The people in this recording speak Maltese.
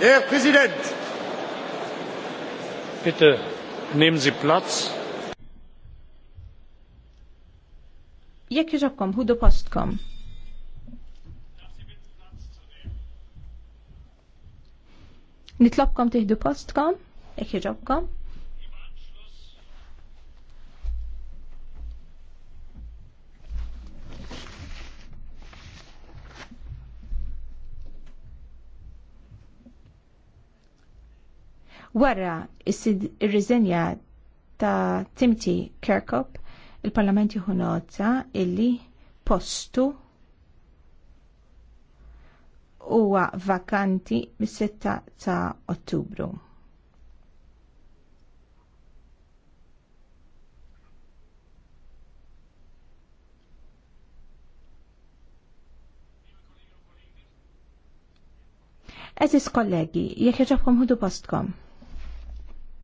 Herr Präsident! Bitte nehmen Sie Platz. Jekk iġobkom, ħudu postkom. Nitlobkom tiħdu postkom, jekk iġobkom. Wara il riżenja ta' Timothy Kirkup, il-Parlament jieħu nota illi postu huwa vakanti mis-6 ta' Ottubru. Eżis kollegi, jekk jaġabkom ħudu postkom.